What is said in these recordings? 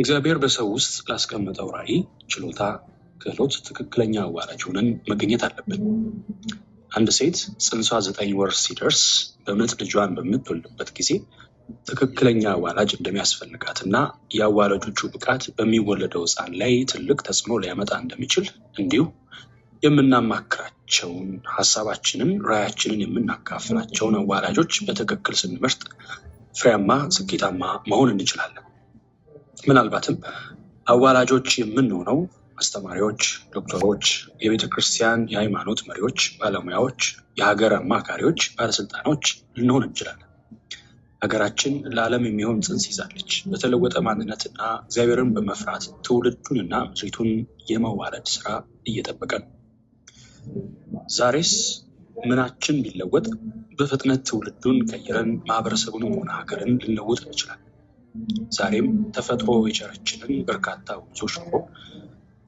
እግዚአብሔር በሰው ውስጥ ላስቀምጠው ራዕይ፣ ችሎታ፣ ክህሎት ትክክለኛ አዋላጅ ሆነን መገኘት አለብን። አንድ ሴት ጽንሷ ዘጠኝ ወር ሲደርስ በምጥ ልጇን በምትወልድበት ጊዜ ትክክለኛ አዋላጅ እንደሚያስፈልጋት እና የአዋላጆቹ ብቃት በሚወለደው ህፃን ላይ ትልቅ ተጽዕኖ ሊያመጣ እንደሚችል እንዲሁ የምናማክራቸውን ሀሳባችንን፣ ራያችንን የምናካፍላቸውን አዋላጆች በትክክል ስንመርጥ ፍሬያማ፣ ስኬታማ መሆን እንችላለን። ምናልባትም አዋላጆች የምንሆነው አስተማሪዎች፣ ዶክተሮች፣ የቤተ ክርስቲያን የሃይማኖት መሪዎች፣ ባለሙያዎች፣ የሀገር አማካሪዎች፣ ባለስልጣኖች ልንሆን እንችላለን። ሀገራችን ለዓለም የሚሆን ጽንስ ይዛለች። በተለወጠ ማንነትና እግዚአብሔርን በመፍራት ትውልዱንና ምስሪቱን የመዋለድ ስራ እየጠበቀ ነው። ዛሬስ ምናችን ቢለወጥ በፍጥነት ትውልዱን ቀይረን ማህበረሰቡን ሆነ ሀገርን ልንለውጥ እንችላለን። ዛሬም ተፈጥሮ የቸረችልን በርካታ ወንዞች ኖሮ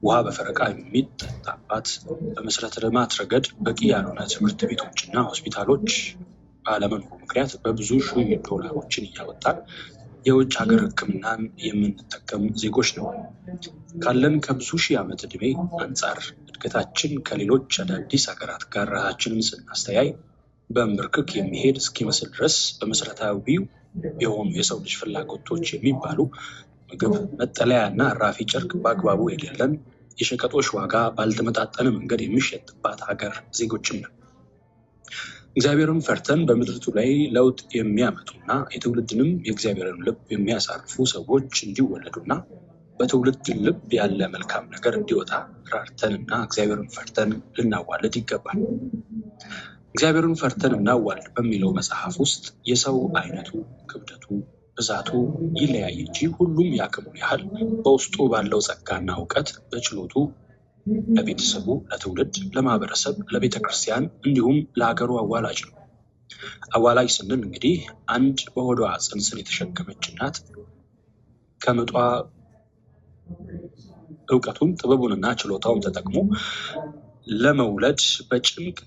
ውሃ በፈረቃ የሚጠጣባት በመሰረተ ልማት ረገድ በቂ ያልሆነ ትምህርት ቤቶችና ሆስፒታሎች ባለመኖሩ ምክንያት በብዙ ሺህ ዶላሮችን እያወጣን የውጭ ሀገር ሕክምናን የምንጠቀም ዜጎች ነው። ካለን ከብዙ ሺህ ዓመት ዕድሜ አንጻር እድገታችን ከሌሎች አዳዲስ ሀገራት ጋር ራሳችንን ስናስተያይ በንብርክክ የሚሄድ እስኪመስል ድረስ በመሰረታዊው የሆኑ የሰው ልጅ ፍላጎቶች የሚባሉ ምግብ፣ መጠለያ እና ራፊ ጨርቅ በአግባቡ የሌለን የሸቀጦች ዋጋ ባልተመጣጠነ መንገድ የሚሸጥባት ሀገር ዜጎችም ነው። እግዚአብሔርን ፈርተን በምድርቱ ላይ ለውጥ የሚያመጡና የትውልድንም የእግዚአብሔርን ልብ የሚያሳርፉ ሰዎች እንዲወለዱና በትውልድ ልብ ያለ መልካም ነገር እንዲወጣ ራርተን እና እግዚአብሔርን ፈርተን ልናዋለድ ይገባል። እግዚአብሔርን ፈርተን እናዋልድ በሚለው መጽሐፍ ውስጥ የሰው አይነቱ፣ ክብደቱ፣ ብዛቱ ይለያይ እንጂ ሁሉም የአቅሙን ያህል በውስጡ ባለው ጸጋና እውቀት በችሎቱ ለቤተሰቡ፣ ለትውልድ፣ ለማህበረሰብ፣ ለቤተ ክርስቲያን እንዲሁም ለሀገሩ አዋላጅ ነው። አዋላጅ ስንል እንግዲህ አንድ በሆዷ ጽንስን የተሸከመች እናት ከምጧ እውቀቱን ጥበቡንና ችሎታውን ተጠቅሞ ለመውለድ በጭንቅ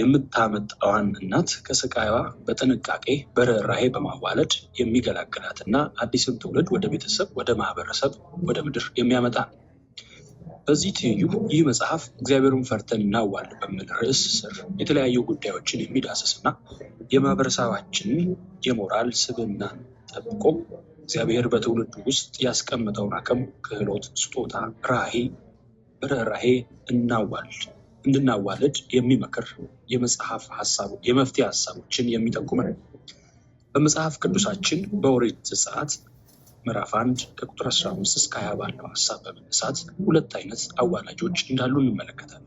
የምታመጣዋን እናት ከስቃይዋ በጥንቃቄ በርኅራኄ በማዋለድ የሚገላግላት እና አዲስን ትውልድ ወደ ቤተሰብ፣ ወደ ማህበረሰብ፣ ወደ ምድር የሚያመጣ በዚህ ትይዩ ይህ መጽሐፍ እግዚአብሔርን ፈርተን እናዋል በሚል ርዕስ ስር የተለያዩ ጉዳዮችን የሚዳስስና የማህበረሰባችን የሞራል ስብና ጠብቆ እግዚአብሔር በትውልድ ውስጥ ያስቀመጠውን አቅም፣ ክህሎት፣ ስጦታ፣ ራዕይ ርኅራሄ እናዋል እንድናዋልድ የሚመክር የመጽሐፍ ሀሳቡ የመፍትሄ ሀሳቦችን የሚጠቁመን በመጽሐፍ ቅዱሳችን በኦሪት ዘጸአት ምዕራፍ 1 ከቁጥር 15 እስከ 20 ባለው ሀሳብ በመነሳት ሁለት አይነት አዋላጆች እንዳሉ እንመለከታለን።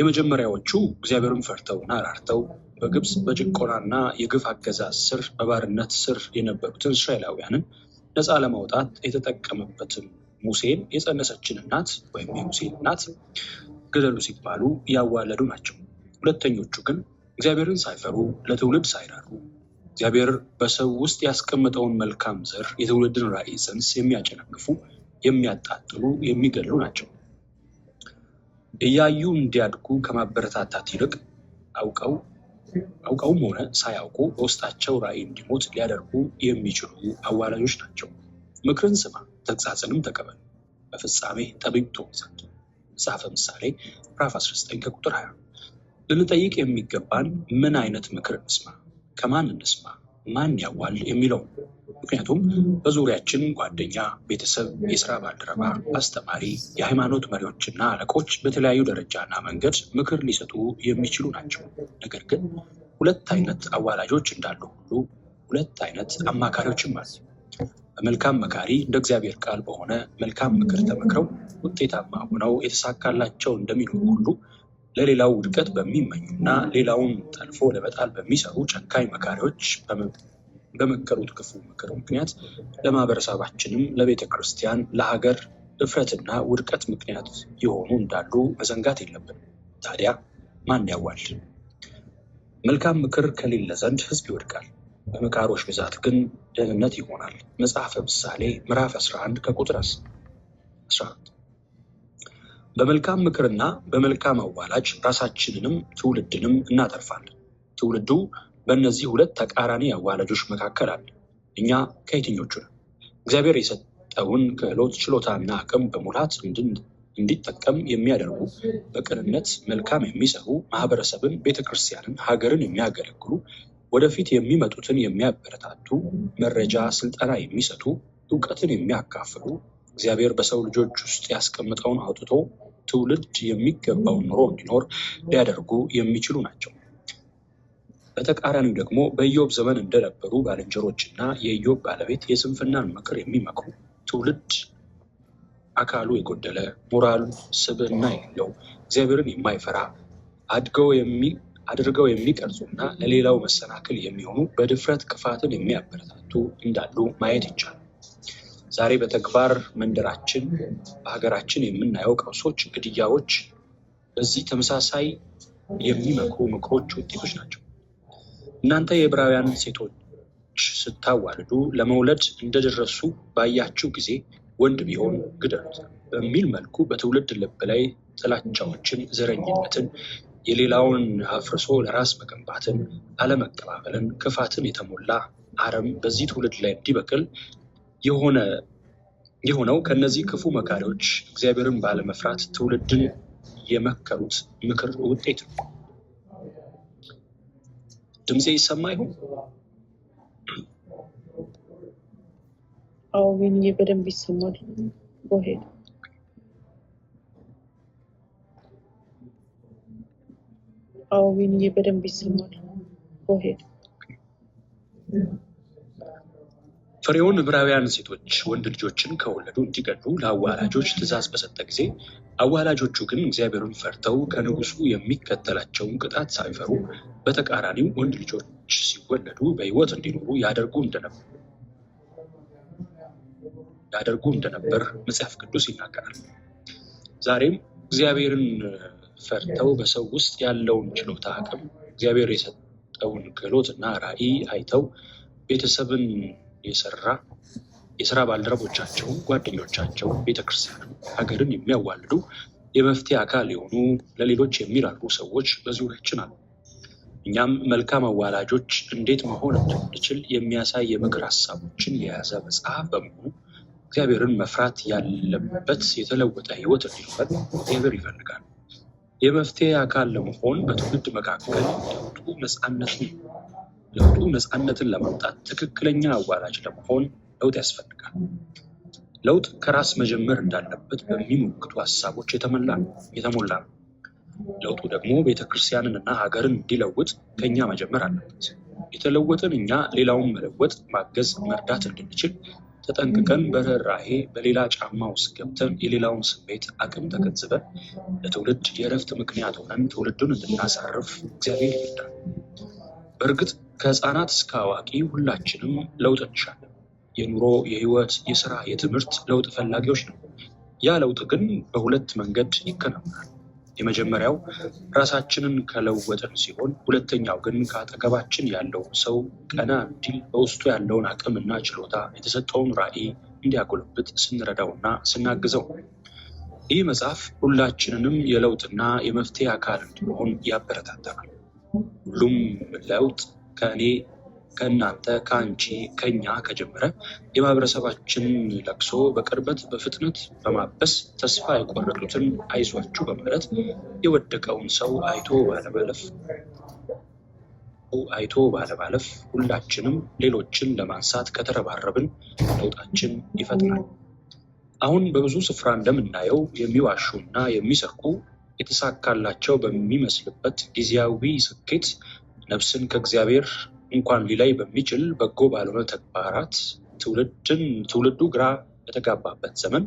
የመጀመሪያዎቹ እግዚአብሔርን ፈርተውና ራርተው በግብፅ በጭቆናና የግፍ አገዛዝ ስር በባርነት ስር የነበሩትን እስራኤላውያንን ነፃ ለማውጣት የተጠቀመበትን ሙሴን የጸነሰችን እናት ወይም የሙሴን እናት ግደሉ ሲባሉ ያዋለዱ ናቸው። ሁለተኞቹ ግን እግዚአብሔርን ሳይፈሩ ለትውልድ ሳይራሩ እግዚአብሔር በሰው ውስጥ ያስቀመጠውን መልካም ዘር የትውልድን ራዕይ ጽንስ የሚያጨነግፉ የሚያጣጥሉ፣ የሚገድሉ ናቸው። እያዩ እንዲያድጉ ከማበረታታት ይልቅ አውቀው አውቀውም ሆነ ሳያውቁ በውስጣቸው ራዕይ እንዲሞት ሊያደርጉ የሚችሉ አዋላጆች ናቸው። ምክርን ስማ ተግሳጽንም ተቀበል። በፍጻሜ ተብኝቶ ሰጡ። መጽሐፈ ምሳሌ ምዕራፍ 19 ከቁጥር 20። ልንጠይቅ የሚገባን ምን አይነት ምክር እንስማ፣ ከማን እንስማ፣ ማን ያዋል የሚለው ምክንያቱም በዙሪያችን ጓደኛ፣ ቤተሰብ፣ የስራ ባልደረባ፣ አስተማሪ፣ የሃይማኖት መሪዎችና አለቆች በተለያዩ ደረጃና መንገድ ምክር ሊሰጡ የሚችሉ ናቸው። ነገር ግን ሁለት አይነት አዋላጆች እንዳሉ ሁሉ ሁለት አይነት አማካሪዎችም አሉ። መልካም መካሪ እንደ እግዚአብሔር ቃል በሆነ መልካም ምክር ተመክረው ውጤታማ ሆነው የተሳካላቸው እንደሚኖሩ ሁሉ ለሌላው ውድቀት በሚመኙ እና ሌላውን ጠልፎ ለመጣል በሚሰሩ ጨካኝ መካሪዎች በመከሩት ክፉ ምክር ምክንያት ለማህበረሰባችንም፣ ለቤተ ክርስቲያን፣ ለሀገር እፍረትና ውድቀት ምክንያት የሆኑ እንዳሉ መዘንጋት የለብንም። ታዲያ ማን ያዋል? መልካም ምክር ከሌለ ዘንድ ህዝብ ይወድቃል። በመካሮች ብዛት ግን ደህንነት ይሆናል። መጽሐፈ ምሳሌ ምዕራፍ 11 ከቁጥር 11 በመልካም ምክርና በመልካም አዋላጅ ራሳችንንም ትውልድንም እናተርፋለን። ትውልዱ በእነዚህ ሁለት ተቃራኒ አዋላጆች መካከል አለ። እኛ ከየትኞቹ ነው። እግዚአብሔር የሰጠውን ክህሎት ችሎታና አቅም በሙላት እንዲጠቀም የሚያደርጉ በቅንነት መልካም የሚሰሩ ማህበረሰብን፣ ቤተክርስቲያንን፣ ሀገርን የሚያገለግሉ ወደፊት የሚመጡትን የሚያበረታቱ፣ መረጃ፣ ስልጠና የሚሰጡ፣ እውቀትን የሚያካፍሉ፣ እግዚአብሔር በሰው ልጆች ውስጥ ያስቀምጠውን አውጥቶ ትውልድ የሚገባውን ኑሮ እንዲኖር ሊያደርጉ የሚችሉ ናቸው። በተቃራኒው ደግሞ በኢዮብ ዘመን እንደነበሩ እና የኢዮብ ባለቤት የስንፍናን ምክር የሚመክሩ ትውልድ አካሉ የጎደለ ሞራሉ፣ ስብዕና የሌለው እግዚአብሔርን የማይፈራ አድገው አድርገው የሚቀርጹ እና ለሌላው መሰናክል የሚሆኑ በድፍረት ክፋትን የሚያበረታቱ እንዳሉ ማየት ይቻላል። ዛሬ በተግባር መንደራችን በሀገራችን የምናየው ቀውሶች፣ ግድያዎች በዚህ ተመሳሳይ የሚመክሩ ምክሮች ውጤቶች ናቸው። እናንተ የዕብራውያን ሴቶች ስታዋልዱ ለመውለድ እንደደረሱ ባያችሁ ጊዜ ወንድ ቢሆን ግደሉት በሚል መልኩ በትውልድ ልብ ላይ ጥላቻዎችን፣ ዘረኝነትን፣ የሌላውን አፍርሶ ለራስ መገንባትን፣ አለመቀባበልን፣ ክፋትን የተሞላ አረም በዚህ ትውልድ ላይ እንዲበቅል የሆነ የሆነው ከነዚህ ክፉ መካሪዎች እግዚአብሔርን ባለመፍራት ትውልድን የመከሩት ምክር ውጤት ነው። ድምፄ ይሰማ ይሁን? አዎ፣ በደንብ ይሰማል። አዊንዬ በደንብ ይሰማል። ሄድ ፍሬውን ዕብራውያን ሴቶች ወንድ ልጆችን ከወለዱ እንዲገድሉ ለአዋላጆች ትእዛዝ በሰጠ ጊዜ አዋላጆቹ ግን እግዚአብሔርን ፈርተው ከንጉሱ የሚከተላቸውን ቅጣት ሳይፈሩ በተቃራኒው ወንድ ልጆች ሲወለዱ በሕይወት እንዲኖሩ ያደርጉ እንደነበር ያደርጉ እንደነበር መጽሐፍ ቅዱስ ይናገራል። ዛሬም እግዚአብሔርን ፈርተው በሰው ውስጥ ያለውን ችሎታ አቅም እግዚአብሔር የሰጠውን ክህሎት እና ራዕይ አይተው ቤተሰብን የሰራ የስራ ባልደረቦቻቸውን፣ ጓደኞቻቸው፣ ቤተክርስቲያን፣ ሀገርን የሚያዋልዱ የመፍትሄ አካል የሆኑ ለሌሎች የሚራሩ ሰዎች በዙሪያችን አሉ። እኛም መልካም አዋላጆች እንዴት መሆን እንድንችል የሚያሳይ የምክር ሀሳቦችን የያዘ መጽሐፍ በመሆኑ እግዚአብሔርን መፍራት ያለበት የተለወጠ ህይወት እንዲኖረን እግዚአብሔር ይፈልጋል። የመፍትሄ አካል ለመሆን በትውልድ መካከል ለውጡ ነፃነትን ለውጡ ነፃነትን ለማምጣት ትክክለኛ አዋላጅ ለመሆን ለውጥ ያስፈልጋል። ለውጥ ከራስ መጀመር እንዳለበት በሚሞግቱ ሀሳቦች የተሞላ ነው። ለውጡ ደግሞ ቤተክርስቲያንን እና ሀገርን እንዲለውጥ ከኛ መጀመር አለበት። የተለወጥን እኛ ሌላውን መለወጥ፣ ማገዝ፣ መርዳት እንድንችል ተጠንቅቀን በርህራሄ በሌላ ጫማ ውስጥ ገብተን የሌላውን ስሜት አቅም ተገንዝበን ለትውልድ የእረፍት ምክንያት ሆነን ትውልዱን እንድናሳርፍ እግዚአብሔር ይርዳል። በእርግጥ ከህፃናት እስከ አዋቂ ሁላችንም ለውጥ እንሻለን። የኑሮ፣ የህይወት፣ የስራ፣ የትምህርት ለውጥ ፈላጊዎች ነው። ያ ለውጥ ግን በሁለት መንገድ ይከናወናል። የመጀመሪያው ራሳችንን ከለወጥን ሲሆን ሁለተኛው ግን ከአጠገባችን ያለው ሰው ቀና እንዲል በውስጡ ያለውን አቅምና ችሎታ የተሰጠውን ራዕይ እንዲያጎለብት ስንረዳውና ስናግዘው። ይህ መጽሐፍ ሁላችንንም የለውጥና የመፍትሄ አካል እንዲሆን ያበረታታል። ሁሉም ለውጥ ከእኔ ከእናንተ ከአንቺ ከኛ ከጀመረ የማህበረሰባችን ለቅሶ በቅርበት በፍጥነት በማበስ ተስፋ የቆረጡትን አይዟችሁ በማለት የወደቀውን ሰው አይቶ ባለማለፍ አይቶ ባለማለፍ ሁላችንም ሌሎችን ለማንሳት ከተረባረብን ለውጣችን ይፈጥናል። አሁን በብዙ ስፍራ እንደምናየው የሚዋሹ እና የሚሰርቁ የተሳካላቸው በሚመስልበት ጊዜያዊ ስኬት ነፍስን ከእግዚአብሔር እንኳን ሊላይ በሚችል በጎ ባልሆነ ተግባራት ትውልዱ ግራ በተጋባበት ዘመን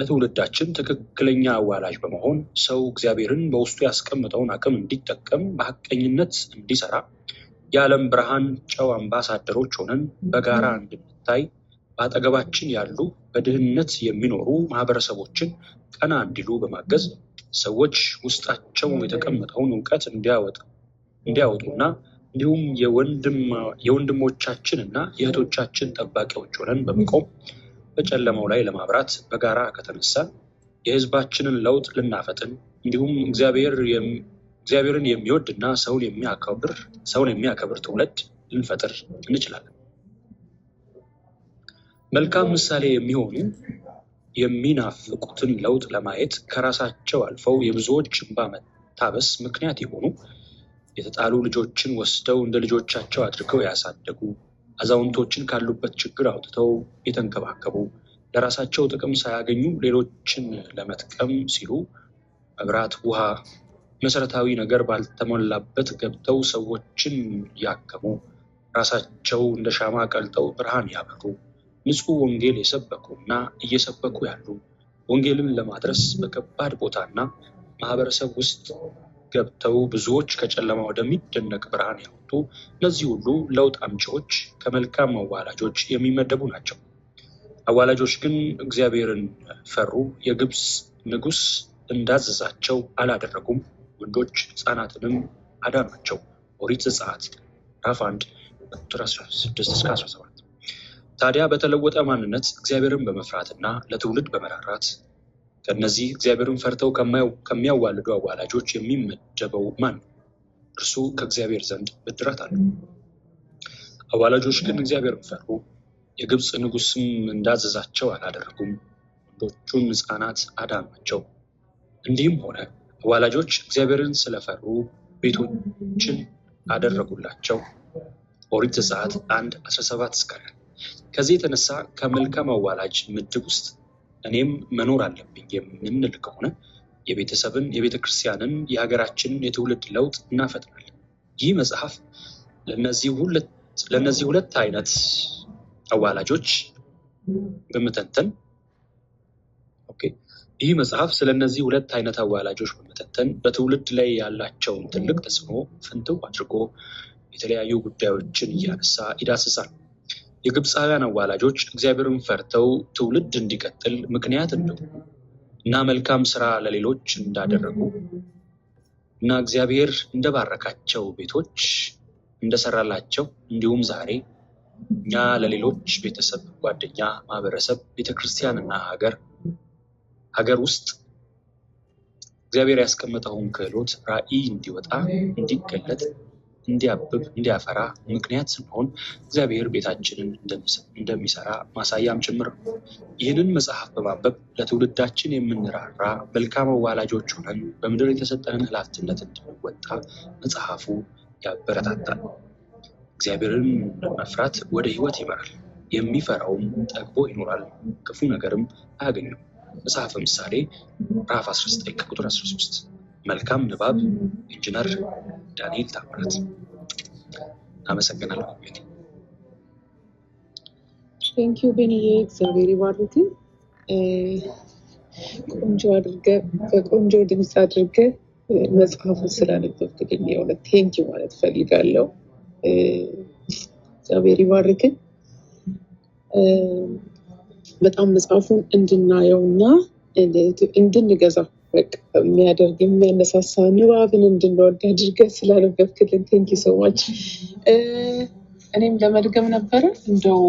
ለትውልዳችን ትክክለኛ አዋላጅ በመሆን ሰው እግዚአብሔርን በውስጡ ያስቀምጠውን አቅም እንዲጠቀም በሀቀኝነት እንዲሰራ የዓለም ብርሃን ጨው አምባሳደሮች ሆነን በጋራ እንድንታይ በአጠገባችን ያሉ በድህነት የሚኖሩ ማህበረሰቦችን ቀና እንዲሉ በማገዝ ሰዎች ውስጣቸው የተቀመጠውን እውቀት እንዲያወጡና እንዲሁም የወንድሞቻችን እና የእህቶቻችን ጠባቂዎች ሆነን በመቆም በጨለማው ላይ ለማብራት በጋራ ከተነሳን የህዝባችንን ለውጥ ልናፈጥን እንዲሁም እግዚአብሔርን የሚወድ እና ሰውን የሚያከብር ትውልድ ልንፈጥር እንችላለን። መልካም ምሳሌ የሚሆኑ የሚናፍቁትን ለውጥ ለማየት ከራሳቸው አልፈው የብዙዎች እንባ መታበስ ምክንያት የሆኑ የተጣሉ ልጆችን ወስደው እንደ ልጆቻቸው አድርገው ያሳደጉ፣ አዛውንቶችን ካሉበት ችግር አውጥተው የተንከባከቡ፣ ለራሳቸው ጥቅም ሳያገኙ ሌሎችን ለመጥቀም ሲሉ መብራት፣ ውሃ፣ መሰረታዊ ነገር ባልተሞላበት ገብተው ሰዎችን ያከሙ፣ ራሳቸው እንደ ሻማ ቀልጠው ብርሃን ያበሩ፣ ንጹህ ወንጌል የሰበኩ እና እየሰበኩ ያሉ ወንጌልን ለማድረስ በከባድ ቦታና ማህበረሰብ ውስጥ ገብተው ብዙዎች ከጨለማ ወደሚደነቅ ብርሃን ያወጡ እነዚህ ሁሉ ለውጥ አምጪዎች ከመልካም አዋላጆች የሚመደቡ ናቸው። አዋላጆች ግን እግዚአብሔርን ፈሩ፣ የግብፅ ንጉሥ እንዳዘዛቸው አላደረጉም። ወንዶች ሕፃናትንም አዳኗቸው። ኦሪት ዘጸአት ምዕራፍ 1 ቁጥር 16 እስከ 17። ታዲያ በተለወጠ ማንነት እግዚአብሔርን በመፍራትና ለትውልድ በመራራት ከእነዚህ እግዚአብሔርን ፈርተው ከሚያዋልዱ አዋላጆች የሚመደበው ማን ነው? እርሱ ከእግዚአብሔር ዘንድ ብድራት አለው። አዋላጆች ግን እግዚአብሔርን ፈሩ፣ የግብፅ ንጉስም እንዳዘዛቸው አላደረጉም፣ ወንዶቹን ሕፃናት አዳኗቸው። እንዲህም ሆነ አዋላጆች እግዚአብሔርን ስለፈሩ ቤቶችን አደረጉላቸው። ኦሪት ዘጸአት አንድ 17 እስከ ከዚህ የተነሳ ከመልካም አዋላጅ ምድብ ውስጥ እኔም መኖር አለብኝ የምንል ከሆነ የቤተሰብን፣ የቤተ ክርስቲያንን፣ የሀገራችንን የትውልድ ለውጥ እናፈጥናለን። ይህ መጽሐፍ ለእነዚህ ሁለት አይነት አዋላጆች በመተንተን ይህ መጽሐፍ ስለ እነዚህ ሁለት አይነት አዋላጆች በመተንተን በትውልድ ላይ ያላቸውን ትልቅ ተጽዕኖ ፍንትው አድርጎ የተለያዩ ጉዳዮችን እያነሳ ይዳስሳል። የግብፃውያን አዋላጆች እግዚአብሔርን ፈርተው ትውልድ እንዲቀጥል ምክንያት እንደሆኑ እና መልካም ስራ ለሌሎች እንዳደረጉ እና እግዚአብሔር እንደባረካቸው ቤቶች እንደሰራላቸው እንዲሁም ዛሬ እኛ ለሌሎች ቤተሰብ፣ ጓደኛ፣ ማህበረሰብ፣ ቤተክርስቲያን እና ሀገር ሀገር ውስጥ እግዚአብሔር ያስቀመጠውን ክህሎት ራዕይ እንዲወጣ እንዲገለጥ እንዲያብብ እንዲያፈራ ምክንያት ስንሆን እግዚአብሔር ቤታችንን እንደሚሰራ ማሳያም ጭምር ነው። ይህንን መጽሐፍ በማንበብ ለትውልዳችን የምንራራ መልካም አዋላጆች ሆነን በምድር የተሰጠንን ኃላፊነት እንድንወጣ መጽሐፉ ያበረታታል። እግዚአብሔርን መፍራት ወደ ሕይወት ይመራል። የሚፈራውም ጠግቦ ይኖራል፣ ክፉ ነገርም አያገኘው። መጽሐፈ ምሳሌ ምዕራፍ 19 ቁጥር 13 መልካም ንባብ ኢንጂነር ዳንኤል ታምራት። አመሰግናለሁ። ቴንኪዩ ቤንዬ፣ እግዚአብሔር ይባርክ። ቆንጆ አድርገ በቆንጆ ድምፅ አድርገ መጽሐፉን ስላነበብክልኝ የእውነት ቴንኪዩ ማለት ፈልጋለው እግዚአብሔር ይባርክን። በጣም መጽሐፉን እንድናየውና እንድንገዛው የሚያደርግ የሚያነሳሳ ንባብን እንድንወድ አድርገህ ስላነበብክልን ቴንኪ ሰዎች። እኔም ለመድገም ነበረ እንደው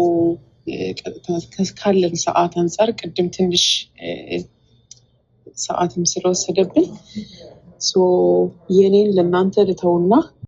ካለን ሰዓት አንጻር ቅድም ትንሽ ሰዓትም ስለወሰደብን የኔን ለእናንተ ልተውና